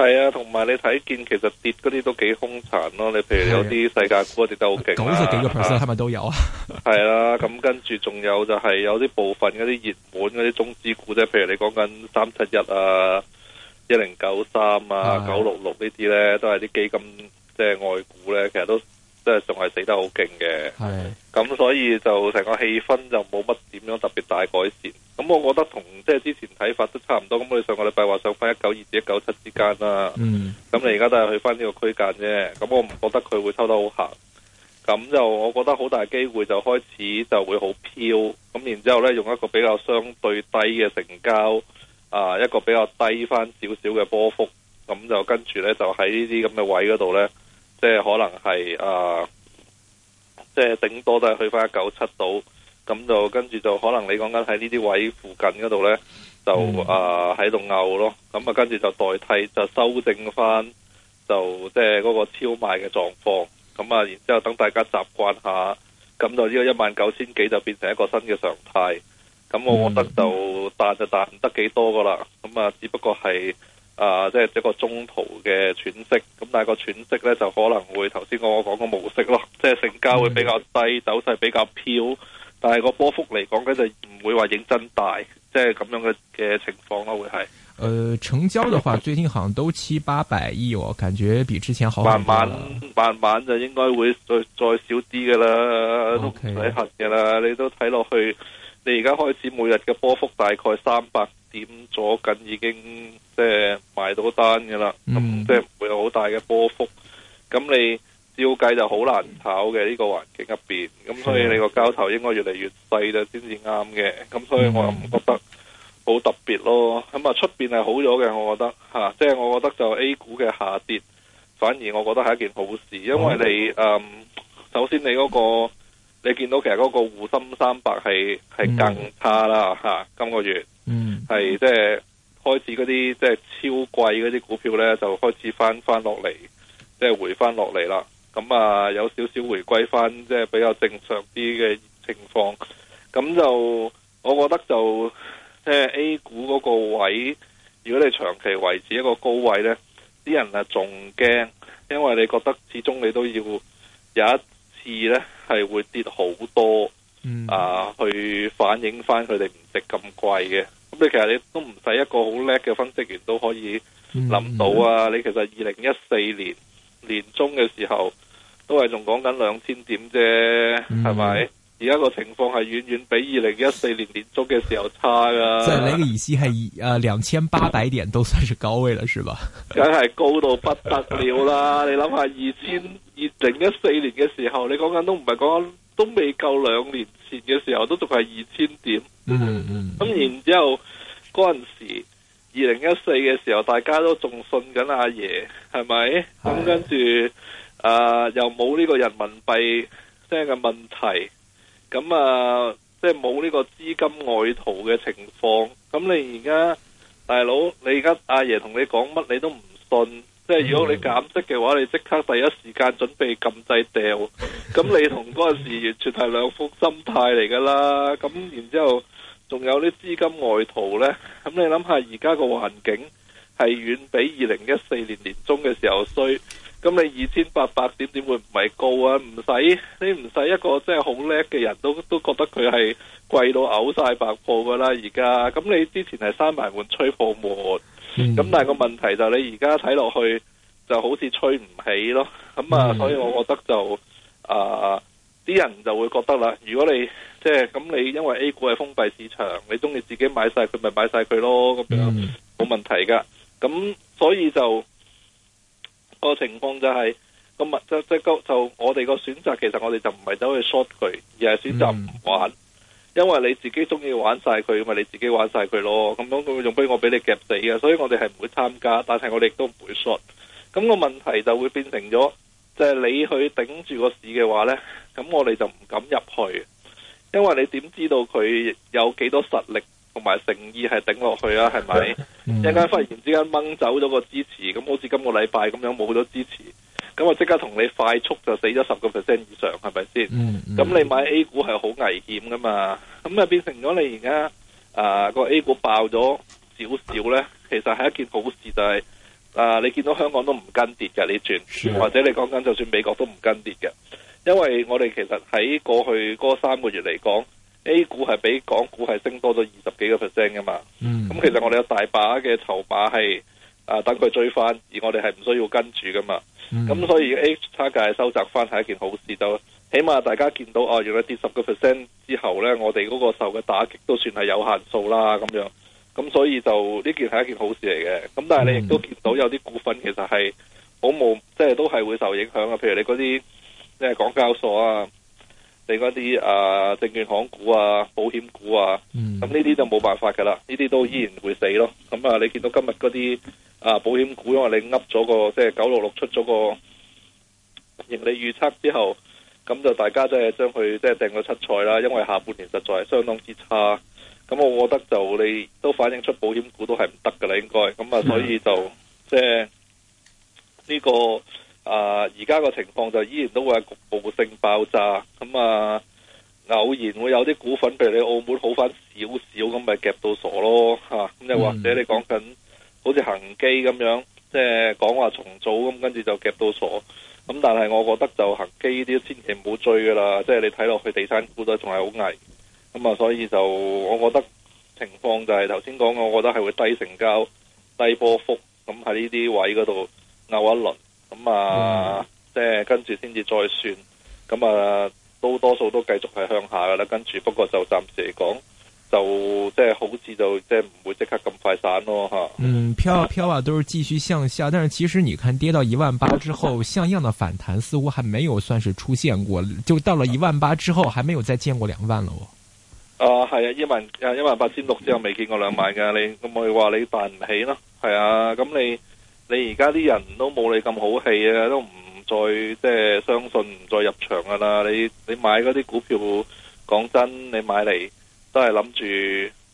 係啊，同埋你睇見其實跌嗰啲都幾凶殘咯。你譬如有啲世界股啊，跌得好勁，九十幾個 percent 係咪都有啊？係 啦、啊，咁跟住仲有就係有啲部分嗰啲熱門嗰啲中資股即係，譬如你講緊三七一啊、一零九三啊、九六六呢啲咧，都係啲基金即係外股咧，其實都。即係仲係死得好勁嘅，咁係所以就成個氣氛就冇乜點樣特別大改善。咁我覺得同即係之前睇法都差唔多。咁我哋上個禮拜話上翻一九二至一九七之間啦，咁、嗯、你而家都係去翻呢個區間啫。咁我唔覺得佢會抽得好行。咁就我覺得好大機會就開始就會好飄。咁然之後呢，用一個比較相對低嘅成交，啊一個比較低翻少少嘅波幅。咁就跟住呢，就喺呢啲咁嘅位嗰度呢。即係可能係啊，即係頂多都係去翻一九七度，咁就跟住就可能你講緊喺呢啲位附近嗰度呢，就、嗯、啊喺度拗咯，咁啊跟住就代替就修正翻，就即係嗰個超賣嘅狀況，咁啊然之後等大家習慣下，咁就呢個一萬九千幾就變成一個新嘅常態，咁我覺得就彈、嗯、就彈唔得幾多噶啦，咁啊只不過係。啊，即係一個中途嘅喘息，咁但係個喘息咧就可能會頭先我講個模式咯，即係成交會比較低，嗯、走勢比較飄，但係個波幅嚟講，跟就唔會話認真大，即係咁樣嘅嘅情況咯，會係。誒、呃，成交嘅話，最近行都七八百億喎，我感覺比之前好，好慢慢慢慢就應該會再再少啲嘅啦，都唔使恨嘅啦，Okay. 你都睇落去。你而家開始每日嘅波幅大概三百點左近已經即係買到單嘅啦，咁、嗯、即係唔會有好大嘅波幅，咁你照計就好難炒嘅呢個環境入面。咁所以你個交投應該越嚟越細嘅先至啱嘅，咁所以我又唔覺得好特別咯。咁、嗯、啊出面係好咗嘅，我覺得、啊、即係我覺得就 A 股嘅下跌，反而我覺得係一件好事，嗯、因為你嗯，嗯嗯首先你嗰、那個。你見到其實嗰個滬深三百係係更差啦嚇，嗯啊，今個月，係即係開始嗰啲即係超貴嗰啲股票呢，就開始翻翻落嚟，即係回翻落嚟啦。咁，就是，啊有少少回歸翻即係比較正常啲嘅情況。咁就我覺得就即係，即係，A 股嗰個位，如果你長期維持一個高位呢，啲人啊仲驚，因為你覺得始終你都要有一。二咧係會跌好多，啊，去反映翻佢哋唔值咁貴嘅。咁你其實你都唔使一個好叻嘅分析員都可以諗到啊。嗯嗯、你其實二零一四年年中嘅時候都係仲講緊兩千點啫，係咪、嗯？而家個情況係遠遠比二零一四年年中嘅時候差噶。即係你嘅意思係，誒、呃，兩千八百點都算是高位啦，是吧？梗 係高到不得了啦！你諗下二千。零一四年嘅時候，你講緊都唔係講緊，都未夠兩年前嘅時候，都仲係二千點。嗯嗯。咁、嗯、然之後嗰陣時，二零一四嘅時候，大家都仲信緊阿爺，係咪？咁的跟住，誒、呃、又冇呢個人民幣即嘅問題，咁啊、呃、即係冇呢個資金外逃嘅情況。咁你而家大佬，你而家阿爺同你講乜，你都唔信。即係如果你減息嘅話，你即刻第一時間準備撳掣掉，咁你同嗰陣時完全係兩幅心態嚟㗎啦。咁然之後，仲有啲資金外逃呢。咁你諗下，而家個環境係遠比二零一四年年中嘅時候衰。咁你二千八百點，點會唔係高啊？唔使，你唔使一個即係好叻嘅人，都都覺得佢係貴到嘔晒白泡噶啦而家。咁你之前係閂埋門吹泡沫，咁、嗯、但係個問題就你而家睇落去就好似吹唔起咯。咁啊，所以我覺得就、嗯、啊，啲人就會覺得啦。如果你即係咁你因為 A 股係封閉市場，你中意自己買晒佢咪買晒佢咯，咁樣冇、嗯、問題噶。咁所以就。個情況就係個物即即個就，就，就，就我哋個選擇，其實我哋就唔係走去 short 佢，而係選擇唔玩，嗯、因為你自己中意玩晒佢咪你自己玩晒佢咯。咁樣佢會用俾我俾你夾死嘅，所以我哋係唔會參加，但係我哋亦都唔會 short。咁個問題就會變成咗，就係、是、你去頂住個市嘅話呢，咁我哋就唔敢入去，因為你點知道佢有幾多實力同埋誠意係頂落去啊？係咪？ 陣間忽然之間掹走咗個支持，咁好似今個禮拜咁樣冇咗支持，咁我即刻同你快速就死咗十個 percent 以上，係咪先？咁、嗯嗯、你買 A 股係好危險噶嘛？咁啊變成咗你而家啊個 A 股爆咗少少呢，其實係一件好事，就係、是、啊、呃、你見到香港都唔跟跌嘅你轉，的或者你講緊就算美國都唔跟跌嘅，因為我哋其實喺過去嗰三個月嚟講。A 股係比港股係升多咗二十幾個 percent 噶嘛？咁、嗯嗯、其實我哋有大把嘅籌碼係啊，等佢追翻，而我哋係唔需要跟住噶嘛。咁、嗯嗯、所以 H 差價係收窄翻係一件好事，就起碼大家見到哦，原來跌十個 percent 之後咧，我哋嗰個受嘅打擊都算係有限數啦。咁樣咁所以就呢件係一件好事嚟嘅。咁但係你亦都見到有啲股份其實係好冇，即、就、係、是、都係會受影響啊。譬如你嗰啲即係港交所啊。你嗰啲啊證券行股啊保險股啊，咁呢啲就冇辦法噶啦，呢啲都依然會死咯。咁啊，你見到今日嗰啲啊保險股，因為你噏咗個即係九六六出咗個盈利預測之後，咁就大家都係將佢即係定個七彩啦，因為下半年實在相當之差。咁我覺得就你都反映出保險股都係唔得噶啦，應該咁啊，所以就即係呢個。啊！而家個情況就依然都會係局部性爆炸咁啊，偶然會有啲股份，譬如你澳門好翻少少，咁咪夾到傻咯吓。咁啊，又或者你講緊好似恒基咁樣，即係講話重組咁，跟住就夾到傻。咁但係我覺得就恒基呢啲千祈唔好追噶啦，即係你睇落去地產股都仲係好危咁啊，所以就我覺得情況就係頭先講，我覺得係會低成交、低波幅咁喺呢啲位嗰度拗一輪。咁啊，即係跟住先至再算，咁啊都多數都繼續係向下噶啦。跟住不過就暫時嚟講，就即係好似就即係唔會即刻咁快散咯吓。嗯，飄啊飄啊，都是繼續向下。但是其實你看跌到一萬八之後，像樣嘅反彈似乎還沒有算是出現過。就到了一萬八之後，還沒有再見過兩萬了。哦、嗯，啊係啊，一萬一萬八千六之後未見過兩萬噶，你咁咪話你辦唔起咯？係啊，咁你。你而家啲人都冇你咁好氣啊，都唔再即係相信唔再入場噶啦。你你買嗰啲股票，講真，你買嚟都係諗住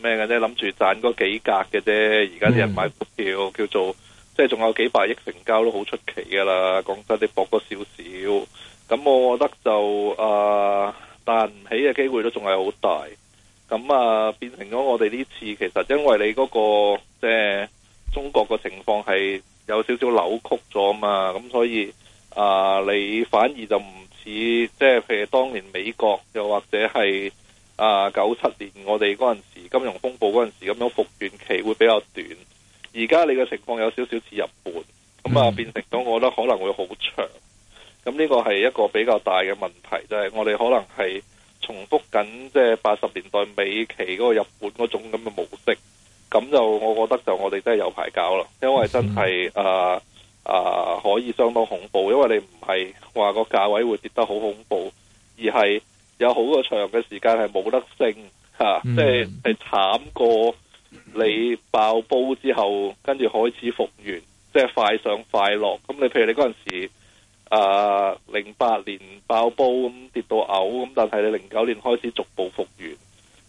咩嘅啫，諗住賺嗰幾格嘅啫。而家啲人買股票叫做即係仲有幾百億成交都好出奇噶啦。講真，你搏個少少，咁我覺得就啊、呃，但唔起嘅機會都仲係好大。咁啊、呃，變成咗我哋呢次，其實因為你嗰、嗰個即係中國嘅情況係。有少少扭曲咗嘛，咁所以啊、呃，你反而就唔似即係譬如，當年美國，又或者係啊九七年，我哋嗰陣時金融風暴嗰陣時咁樣復原期會比較短，而家你嘅情況有少少似日本，咁啊變成咗我覺得可能會好長，咁呢個係一個比較大嘅問題，就係、是、我哋可能係重複緊即係八十年代尾期嗰個日本嗰種咁嘅模式。咁就我覺得就我哋真係有排搞咯，因為真係誒誒可以相當恐怖，因為你唔係話個價位會跌得好恐怖，而係有好個長嘅時間係冇得升吓，即係係慘過你爆煲之後跟住開始復原，即係快上快落。咁你譬如你嗰陣時誒零八年爆煲咁跌到嘔咁，但係你零九年開始逐步復原。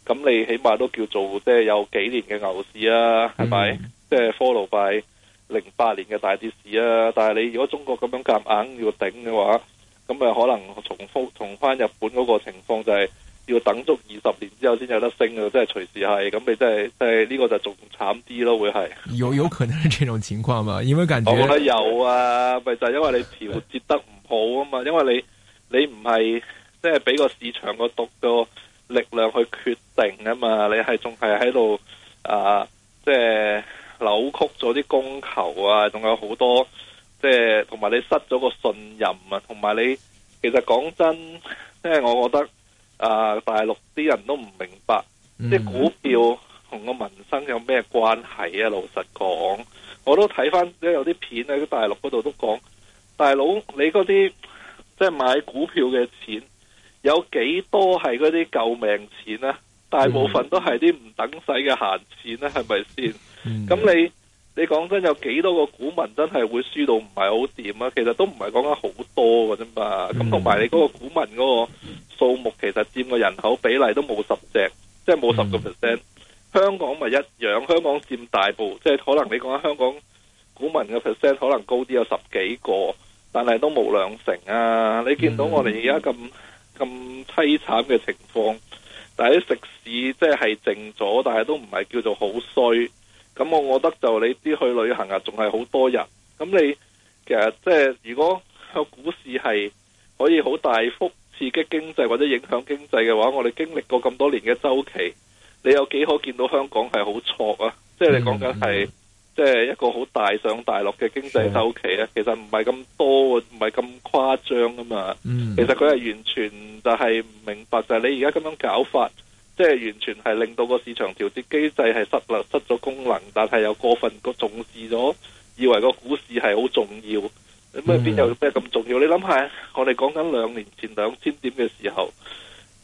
咁你起碼都叫做即係有幾年嘅牛市啊，係咪、嗯？即係 follow 翻零八年嘅大跌市啊。但係你如果中國咁樣夾硬，硬要頂嘅話，咁咪可能重複重翻日本嗰個情況，就係要等足二十年之後先有得升，就是隨就是就是、啊。即係隨時係。咁你即係即係呢個就仲慘啲咯，會係。有有可能係呢種情況嘛？因為感覺有啊，咪就係、因為你調節得唔好啊嘛，因為你你唔係即係俾個市場個毒個。力量去決定啊嘛，你係仲係喺度啊，即係扭曲咗啲供求啊，仲有好多即係同埋你失咗個信任啊，同埋你其實講真，即係我覺得啊，大陸啲人都唔明白，即係股票同個民生有咩關係啊？老實講，我都睇翻有啲片喺大陸嗰度都講，大佬你嗰啲即係買股票嘅錢。有幾多係嗰啲救命錢呢？大部分都係啲唔等使嘅閒錢呢，係咪先？咁吧、嗯、你你講真，有幾多個股民真係會輸到唔係好掂啊？其實都唔係講緊好多嘅啫嘛。咁同埋你嗰個股民嗰個數目，其實佔個人口比例都冇十隻，即係冇十個 percent。嗯、香港咪一樣？香港佔大部，即係可能你講緊香港股民嘅 percent 可能高啲，有十幾個，但係都冇兩成啊。你見到我哋而家咁。咁淒慘嘅情況，但係啲食肆即係靜咗，但係都唔係叫做好衰。咁我覺得就你啲去旅行啊，仲係好多人。咁你其實即係如果個股市係可以好大幅刺激經濟或者影響經濟嘅話，我哋經歷過咁多年嘅週期，你有幾可見到香港係好挫啊？即係你講緊係。嗯嗯即係一個好大上大落嘅經濟周期咧，是的其實唔係咁多，唔係咁誇張㗎嘛。嗯、其實佢係完全就係唔明白，就係、是、你而家咁樣搞法，即、就、係、是、完全係令到個市場調節機制係失了失咗功能，但係又過分個重視咗，以為個股市係好重要。咁啊、嗯，邊有咩咁重要？你諗下，我哋講緊兩年前兩千點嘅時候。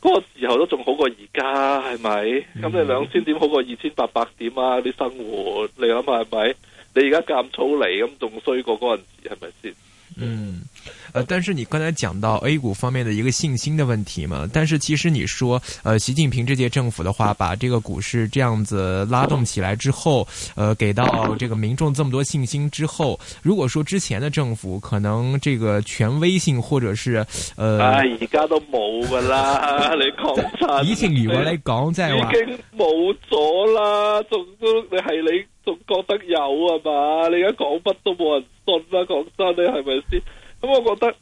嗰個時候都仲好過而家，係咪？咁你兩千點好過二千八百點啊？啲生活你諗下係咪？你而家咁早嚟咁，仲衰過嗰陣時係咪先？是是嗯。呃，但是你剛才講到 A 股方面的一個信心的問題嘛？但是其實你說，呃習近平這屆政府的話，把這個股市這樣子拉動起來之後，呃給到這個民眾這麼多信心之後，如果說之前的政府可能這個權威性或者是呃，誒，而家、啊、都冇噶啦，你講真，以前如果你講即係話，已經冇咗啦，仲都你係你仲覺得有啊嘛？你而家講乜都冇人信啦、啊，講真，你係咪先？咁、嗯、我覺得，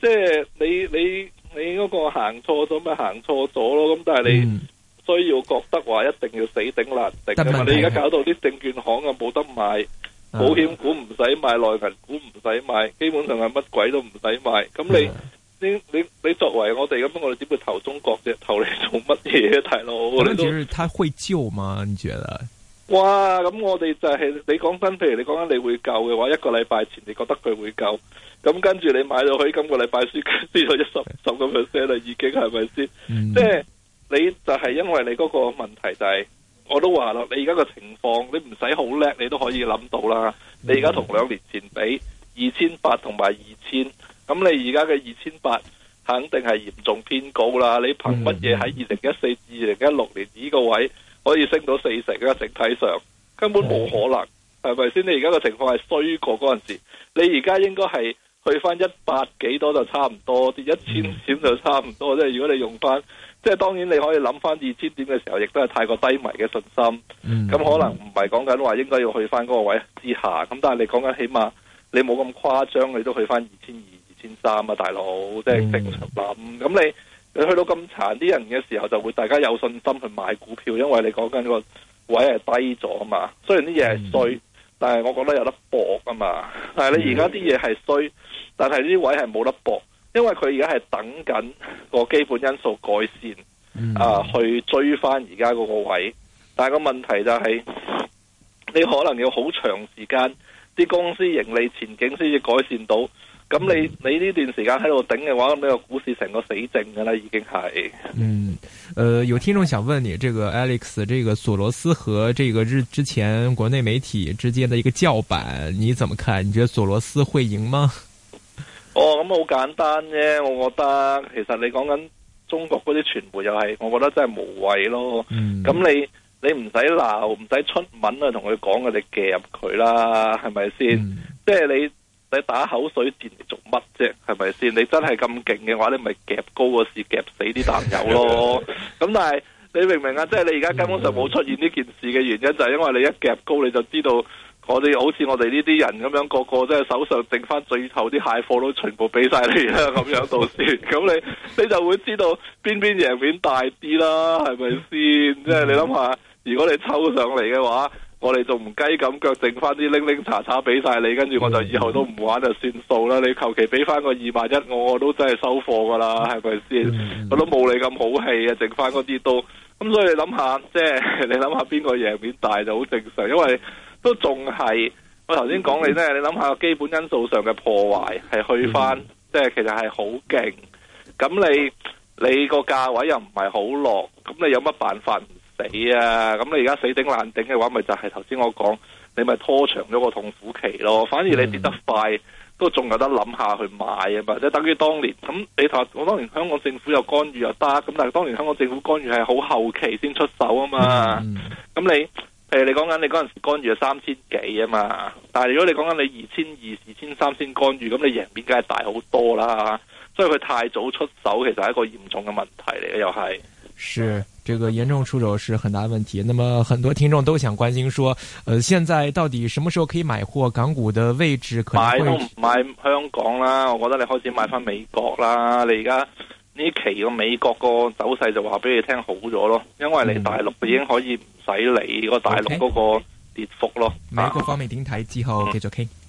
即係你你你嗰個行錯咗咪行錯咗咯。咁但係你需要覺得話一定要死頂難頂啊嘛！你而家搞到啲證券行啊冇得買，保險股唔使買，內銀股唔使買，基本上係乜鬼都唔使買。咁你、嗯、你你，你作為我哋咁，我哋只會投中國只投你做乜嘢啊？大佬，你覺得他會救嗎？你覺得？哇！咁、嗯、我哋就係、是、你講真，譬如你講緊你會救嘅話，一個禮拜前你覺得佢會救。咁跟住你買到可以今個禮拜輸輸咗一十十咁多 percent 啦，已經係咪先？Mm hmm. 即係你就係因為你嗰個問題就係、是，我都話啦，你而家個情況，你唔使好叻，你都可以諗到啦。Mm hmm. 你而家同兩年前比，二千八同埋二千，咁你而家嘅二千八肯定係嚴重偏高啦。你憑乜嘢喺二零一四、二零一六年呢個位可以升到四成？個整體上根本冇可能，係咪先？你而家個情況係衰過嗰陣時，你而家應該係。去翻一百幾多多就差唔多，跌一千點就差唔多。即係如果你用翻，即係當然你可以諗翻二千點嘅時候，亦都係太過低迷嘅信心。咁、嗯、可能唔係講緊話應該要去翻嗰個位之下，咁但係你講緊起碼你冇咁誇張，你都去翻二千二、二千三啊，大佬，即係正常諗。咁、嗯、你你去到咁殘啲人嘅時候，就會大家有信心去買股票，因為你講緊個位係低咗啊嘛。雖然啲嘢係衰。嗯但係我覺得有得搏㗎嘛，但係你而家啲嘢係衰，但係呢啲位係冇得搏，因為佢而家係等緊個基本因素改善，啊去追翻而家嗰個位。但係個問題就係、是，你可能要好長時間，啲公司盈利前景先至改善到。咁你你呢段時間喺度頂嘅話，咁個股市成個死靜噶啦，已經係。嗯，誒、呃，有聽眾想問你，這個 Alex，這個索羅斯和這個日之前國內媒體之間的一個叫板，你怎麼看？你覺得索羅斯會贏嗎？哦，咁好簡單啫，我覺得其實你講緊中國嗰啲傳媒又係，我覺得真係無謂咯。咁你你唔使鬧，唔使出文啊，同佢講嘅，你夾入佢啦，係咪先？即係你。你打口水戰嚟做乜啫？係咪先？你真係咁勁嘅話，你咪夾高個市夾死啲朋友咯。咁 但係你明唔明啊，即係你而家根本上冇出現呢件事嘅原因，嗯、就係因為你一夾高，你就知道我哋好似我哋呢啲人咁樣，個個即係手上剩翻最後啲蟹貨都全部俾晒你啦。咁樣到時，咁 你你就會知道邊邊贏面大啲啦，係咪先？即係、嗯、你諗下，如果你抽上嚟嘅話。我哋仲唔雞咁腳，剩翻啲拎拎查查俾晒你，跟住我就以後都唔玩就算數啦。嗯、你求其俾翻個二萬一，我我都真係收貨噶啦，係咪先？嗯嗯、我都冇你咁好氣啊，剩翻嗰啲都咁。所以你諗下，即係你諗下邊個贏面大就好正常，因為都仲係我頭先講你咧，你諗下基本因素上嘅破壞係去翻，即係、嗯、其實係好勁。咁你你個價位又唔係好落，咁你有乜辦法？死啊！咁你而家死頂爛頂嘅話，咪就係頭先我講，你咪拖長咗個痛苦期咯。反而你跌得快，嗯、都仲有得諗下去買啊嘛，即係等於當年咁。你同我當年香港政府又干預又得，咁但係當年香港政府干預係好後期先出手啊嘛。咁、嗯、你，譬如你講緊你嗰陣時干預係三千幾啊嘛，但係如果你講緊你二千二、二千三先干預，咁你贏面梗係大好多啦。所以佢太早出手，其實係一個嚴重嘅問題嚟嘅，又係是。是這個嚴重出手是很大的問題。那麼很多聽眾都想關心，說，呃，現在到底什麼時候可以買貨？港股的位置可能會買，買香港啦，我覺得你開始買翻美國啦。你而家呢期個美國個走勢就話俾你聽好咗咯，因為你大陸已經可以唔使理個大陸嗰個跌幅咯。嗯嗯、美國方面點睇之後繼續傾。嗯